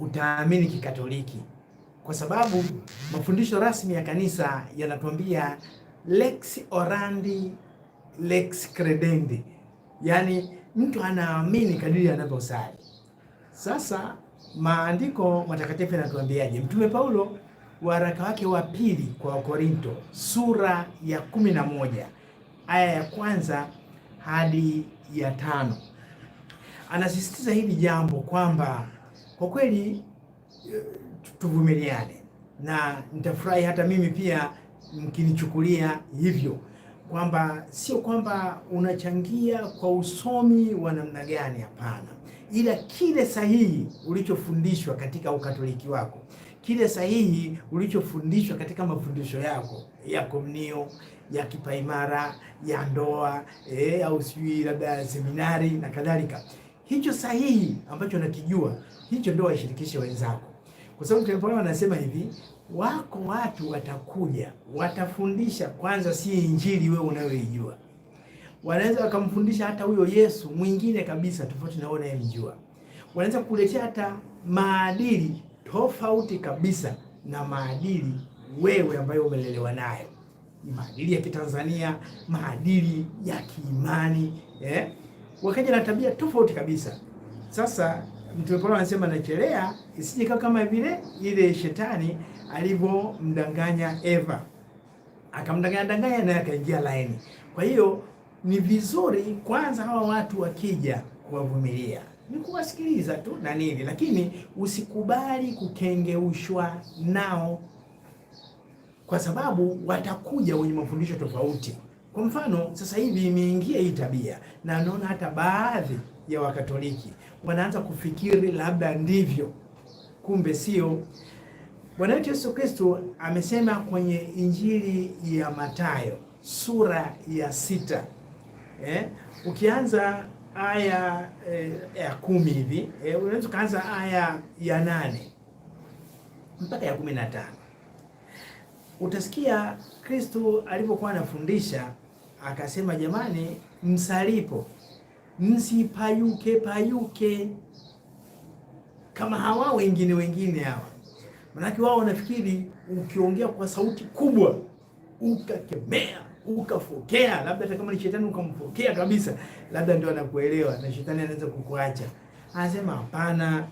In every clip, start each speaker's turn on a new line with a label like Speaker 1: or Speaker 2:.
Speaker 1: utaamini Kikatoliki, kwa sababu mafundisho rasmi ya kanisa yanatuambia lex orandi lex credendi, yaani mtu anaamini kadiri anavyosali. Sasa maandiko matakatifu yanatuambiaje? Mtume Paulo waraka wake wa pili kwa Wakorinto sura ya kumi na moja aya ya kwanza hadi ya tano anasisitiza hili jambo kwamba kwa kweli eh, tuvumiliane, na nitafurahi hata mimi pia mkinichukulia hivyo kwamba sio kwamba unachangia kwa usomi wa namna gani, hapana, ila kile sahihi ulichofundishwa katika ukatoliki wako, kile sahihi ulichofundishwa katika mafundisho yako ya komunio, ya kipaimara, ya ndoa eh, au sijui labda seminari na kadhalika hicho sahihi ambacho nakijua, hicho ndio washirikishe wenzako, kwa sababu Mtume Paulo anasema hivi, wako watu watakuja watafundisha kwanza, si injili wewe unayoijua. Wanaweza wakamfundisha hata huyo Yesu mwingine kabisa, tofauti na wewe unayemjua. Wanaweza kukuletea hata maadili tofauti kabisa na maadili wewe ambayo umelelewa nayo, maadili ya Kitanzania, maadili ya kiimani eh? wakaja na tabia tofauti kabisa. Sasa Mtume Paulo anasema nachelea isije kama vile ile shetani alivyomdanganya Eva, akamdanganya danganya naye akaingia laini. Kwa hiyo ni vizuri kwanza hawa watu wakija kuwavumilia ni kuwasikiliza tu na nini, lakini usikubali kukengeushwa nao, kwa sababu watakuja wenye mafundisho tofauti. Kwa mfano sasa hivi imeingia hii tabia, na anaona hata baadhi ya Wakatoliki wanaanza kufikiri labda ndivyo, kumbe sio. Bwana wetu Yesu Kristo amesema kwenye Injili ya Mathayo sura ya sita eh, ukianza aya eh, ya kumi hivi eh, unaweza ukaanza aya ya nane mpaka ya kumi na tano utasikia Kristo alipokuwa anafundisha akasema jamani, msalipo msipayuke payuke kama hawa wengine wengine hawa, manake wao wanafikiri ukiongea kwa sauti kubwa ukakemea ukafokea, labda hata kama ni shetani ukamfokea kabisa, labda ndio anakuelewa na shetani anaweza kukuacha. Anasema hapana,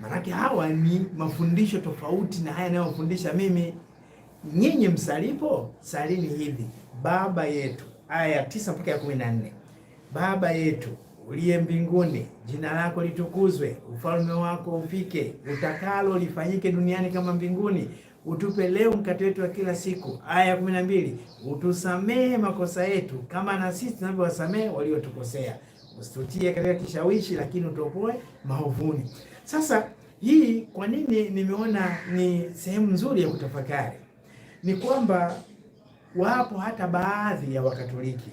Speaker 1: manake hawa ni mafundisho tofauti na haya anayofundisha mimi. Nyinyi msalipo, salini hivi Baba yetu, aya ya tisa mpaka ya kumi na nne. Baba yetu uliye mbinguni, jina lako litukuzwe, ufalme wako ufike, utakalo lifanyike duniani kama mbinguni. Utupe leo mkate wetu wa kila siku. Aya ya kumi na mbili, utusamehe makosa yetu kama na sisi tunavyowasamehe waliotukosea, usitutie katika kishawishi, lakini utuokoe maovuni. Sasa hii kwa nini nimeona ni sehemu nzuri ya kutafakari, ni kwamba Wapo hata baadhi ya Wakatoliki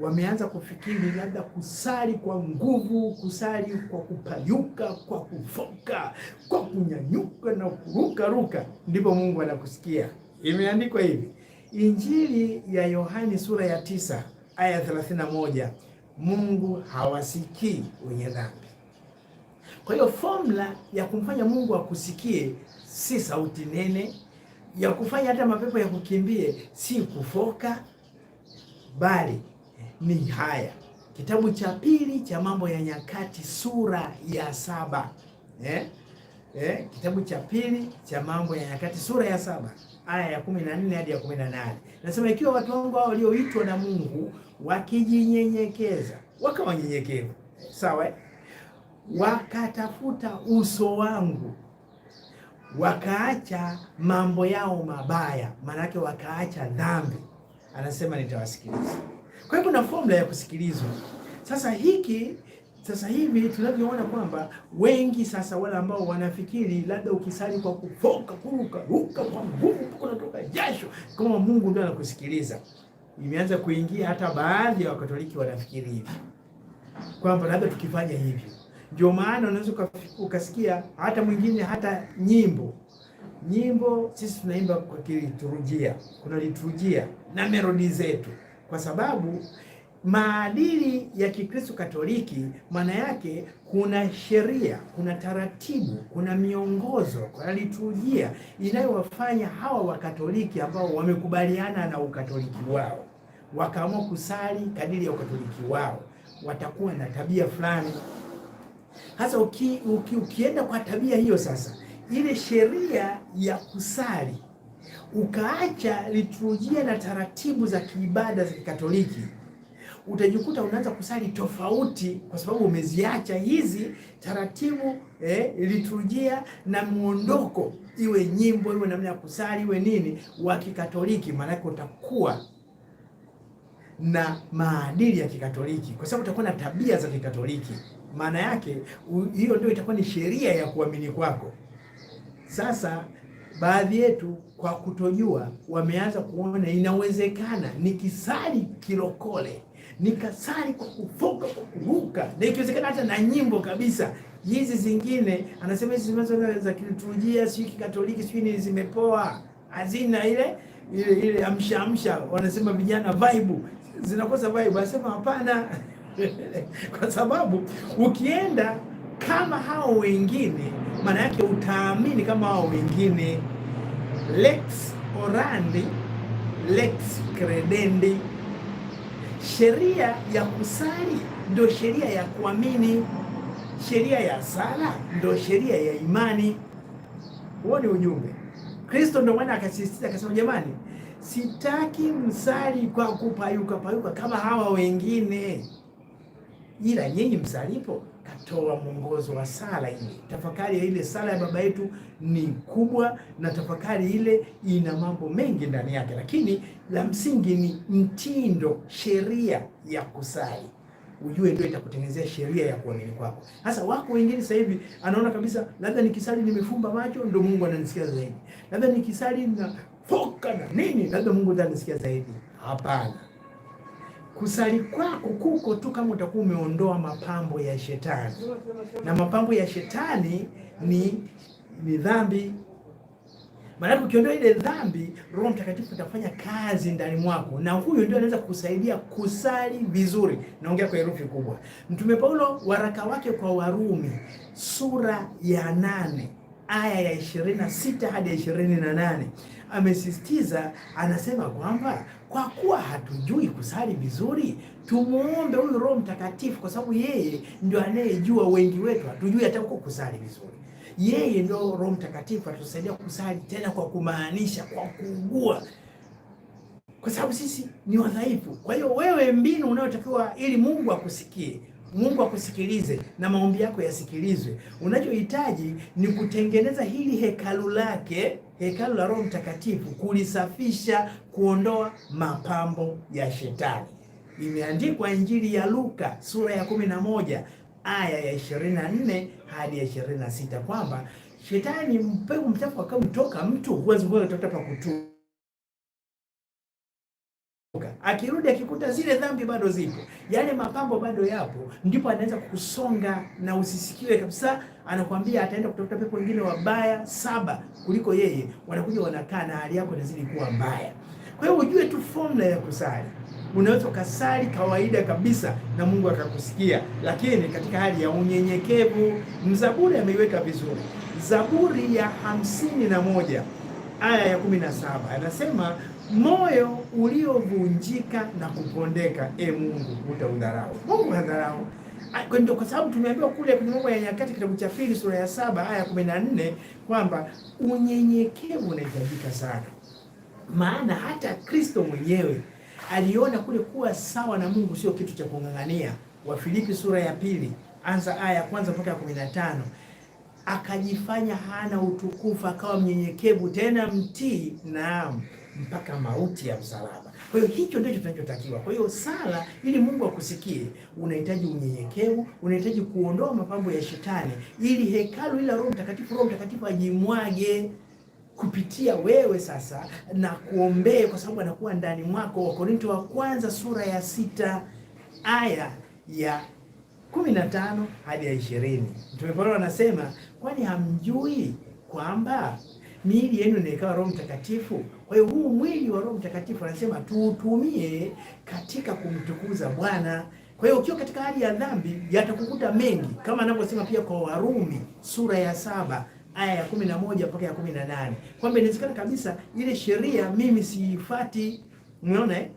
Speaker 1: wameanza kufikiri labda kusali kwa nguvu, kusali kwa kupayuka, kwa kufoka, kwa kunyanyuka na kurukaruka ndipo Mungu anakusikia. Imeandikwa hivi, Injili ya Yohani sura ya tisa aya 31, Mungu hawasikii wenye dhambi. Kwa hiyo formula ya kumfanya Mungu akusikie si sauti nene ya kufanya hata mapepo ya kukimbie si kufoka, bali ni haya. Kitabu cha pili cha Mambo ya Nyakati sura ya saba eh? Eh, kitabu cha pili cha Mambo ya Nyakati sura ya saba aya ya kumi na nne hadi ya kumi na nane nasema, ikiwa watu wangu hao walioitwa na Mungu wakijinyenyekeza, wakawa sawa, eh? wakatafuta uso wangu wakaacha mambo yao mabaya, yake wakaacha dhambi, anasema nitawasikiliza. Kwa hiyo kuna formula ya kusikilizwa. Sasa hiki sasa hivi tunavyoona kwamba wengi sasa wale ambao wanafikiri labda ukisali kwa kufoka kuruka ruka kwa nguvu kunatoka jasho kama Mungu ndio anakusikiliza, imeanza kuingia hata baadhi ya Wakatoliki wanafikiri hivi kwamba labda tukifanya hivi ndio maana unaweza ukasikia hata mwingine hata nyimbo nyimbo, sisi tunaimba kwa kiliturujia, kuna liturujia na melodi zetu, kwa sababu maadili ya Kikristo Katoliki, maana yake kuna sheria, kuna taratibu, kuna miongozo, kuna liturujia inayowafanya hawa Wakatoliki ambao wamekubaliana na ukatoliki wao wakaamua kusali kadiri ya ukatoliki wao, watakuwa na tabia fulani hasa uki, uki, ukienda kwa tabia hiyo sasa, ile sheria ya kusali ukaacha liturujia na taratibu za kiibada za Kikatoliki, utajikuta unaanza kusali tofauti, kwa sababu umeziacha hizi taratibu eh, liturujia na muondoko, iwe nyimbo, iwe namna ya kusali, iwe nini wa Kikatoliki. Maanake utakuwa na maadili ya Kikatoliki kwa sababu utakuwa na tabia za Kikatoliki maana yake hiyo ndio itakuwa ni sheria ya kuamini kwako. Sasa baadhi yetu kwa kutojua, wameanza kuona inawezekana nikisali kilokole, nikasali kwa kufoka kwa kuruka, na ikiwezekana hata na nyimbo kabisa hizi zingine. Anasema hizi zinazo za kiliturujia, sio kikatoliki, sio ni zimepoa, hazina ile ile ile amsha amsha, wanasema vijana vibe, zinakosa vibe. Anasema hapana. kwa sababu ukienda kama hao wengine, maana yake utaamini kama hao wengine. Lex orandi lex credendi, sheria ya kusali ndio sheria ya kuamini, sheria ya sala ndio sheria ya imani. Huo ni ujumbe. Kristo ndio maana akasisitiza akasema, jamani, sitaki msali kwa kupayuka payuka kama hawa wengine ila nyinyi msalipo katoa mwongozo wa sala ile. Tafakari ya ile sala ya Baba yetu ni kubwa, na tafakari ile ina mambo mengi ndani yake, lakini la msingi ni mtindo, sheria ya kusali ujue ndio itakutengenezea sheria ya kuamini kwako. Sasa wako wengine sasa hivi anaona kabisa, labda nikisali nimefumba macho ndio Mungu ananisikia zaidi, labda nikisali na foka na nini, labda Mungu anisikia zaidi. Hapana. Kusali kwako kuko tu kama utakuwa umeondoa mapambo ya shetani, na mapambo ya shetani ni ni dhambi. Maanake ukiondoa ile dhambi, Roho Mtakatifu atafanya kazi ndani mwako, na huyo ndio anaweza kusaidia kusali vizuri. Naongea kwa herufi kubwa. Mtume Paulo, waraka wake kwa Warumi sura ya nane aya ya 26 hadi ya 28 amesisitiza, anasema kwamba kwa kuwa hatujui kusali vizuri, tumuombe huyu Roho Mtakatifu, kwa sababu yeye ndio anayejua. Wengi wetu hatujui hata huko kusali vizuri. Yeye ndio Roho Mtakatifu atusaidia kusali tena kwa kumaanisha, kwa kuugua, kwa sababu sisi ni wadhaifu. Kwa hiyo wewe, mbinu unayotakiwa ili Mungu akusikie Mungu akusikilize na maombi yako yasikilizwe, unachohitaji ni kutengeneza hili hekalu lake hekalu la Roho Mtakatifu kulisafisha, kuondoa mapambo ya shetani. Imeandikwa Injili ya Luka sura ya 11 aya ya 24 hadi ya 26 kwamba shetani, mbegu mchafu akamtoka mtu, huwezi kutoka pa Akirudi akikuta zile dhambi bado zipo, yale mapambo bado yapo, ndipo anaanza kukusonga na usisikiwe kabisa. Anakuambia ataenda kutafuta pepo wengine wabaya saba kuliko yeye, wanakuja wanakaa na hali yako inazidi kuwa mbaya. Kwa hiyo ujue tu formula ya kusali. Unaweza ukasali kawaida kabisa na Mungu akakusikia, lakini katika hali ya unyenyekevu. Mzaburi ameiweka vizuri, Zaburi ya hamsini na moja aya ya kumi na saba anasema moyo uliovunjika na kupondeka, e Mungu utaudharau. Mungu hadharau ndio kwa sababu tumeambiwa kule kwenye Mambo ya Nyakati kitabu cha pili sura ya saba aya ya kumi na nne kwamba unyenyekevu unahitajika sana, maana hata Kristo mwenyewe aliona kule kuwa sawa na Mungu sio kitu cha kung'ang'ania. Wafilipi sura ya pili anza aya ya kwanza mpaka ya kumi na tano akajifanya hana utukufu, akawa mnyenyekevu, tena mtii, naam, mpaka mauti ya msalaba. Kwa hiyo hicho ndicho tunachotakiwa. Kwa hiyo sala, ili Mungu akusikie, unahitaji unyenyekevu, unahitaji kuondoa mapambo ya shetani, ili hekalu ila Roho Mtakatifu, Roho Mtakatifu ajimwage kupitia wewe sasa na kuombee, kwa sababu anakuwa ndani mwako. Wakorinto wa kwanza sura ya sita aya ya kumi na tano hadi ya ishirini Mtume Paulo anasema Kwani hamjui kwamba miili yenu inaikawa Roho Mtakatifu? Kwa hiyo huu mwili wa Roho Mtakatifu anasema tuutumie katika kumtukuza Bwana. Kwa hiyo ukiwa katika hali ya dhambi, yatakukuta mengi, kama anavyosema pia kwa Warumi sura ya saba aya ya kumi na moja mpaka ya kumi na nane kwamba inawezekana kabisa ile sheria mimi siifuati, unaona eh?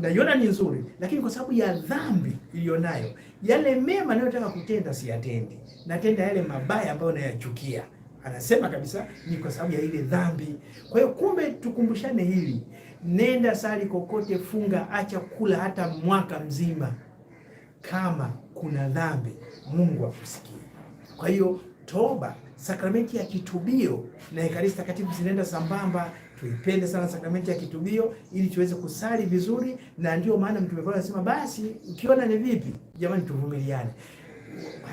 Speaker 1: naiona ni nzuri, lakini kwa sababu ya dhambi iliyonayo, yale mema nayotaka kutenda siyatendi, natenda yale mabaya ambayo nayachukia. Anasema kabisa ni kwa sababu ya ile dhambi. Kwa hiyo, kumbe tukumbushane hili, nenda sali kokote, funga, acha kula hata mwaka mzima, kama kuna dhambi, Mungu akusikie. Kwa hiyo, toba, sakramenti ya kitubio na ekaristi takatifu zinaenda sambamba. Tuipende sana sakramenti ya kitubio ili tuweze kusali vizuri, na ndio maana Mtume Paulo anasema basi, ukiona ni vipi, jamani, tuvumiliane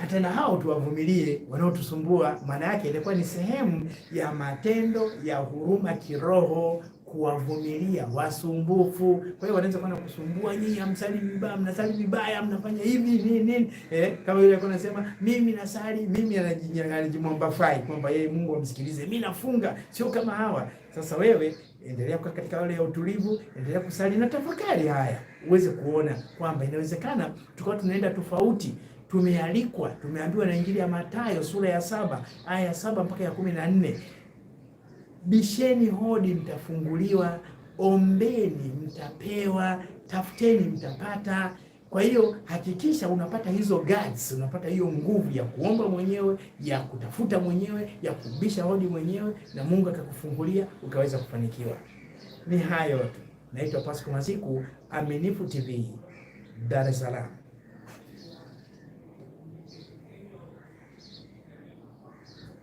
Speaker 1: hata na hao tuwavumilie wanaotusumbua. Maana yake ilikuwa ni sehemu ya matendo ya huruma kiroho kuwavumilia wasumbufu. Kwa hiyo wanaweza kwenda kusumbua nyinyi, amsali vibaya, mnasali vibaya, mnafanya hivi nini nini, eh, kama yule alikuwa anasema mimi nasali, mimi anajimwamba fai kwamba yeye Mungu amsikilize, mimi nafunga, sio kama hawa. Sasa wewe endelea kwa katika wale ya utulivu, endelea kusali na tafakari haya, uweze kuona kwamba inawezekana tukawa tunaenda tofauti. Tumealikwa, tumeambiwa na Injili ya Mathayo sura ya saba aya ya saba mpaka ya kumi na nne. Bisheni hodi, mtafunguliwa; ombeni, mtapewa; tafuteni, mtapata. Kwa hiyo hakikisha unapata hizo guards, unapata hiyo nguvu ya kuomba mwenyewe, ya kutafuta mwenyewe, ya kubisha hodi mwenyewe, na Mungu akakufungulia ukaweza kufanikiwa. Ni hayo tu. Naitwa Pascal Maziku, Aminifu TV, Dar es Salaam.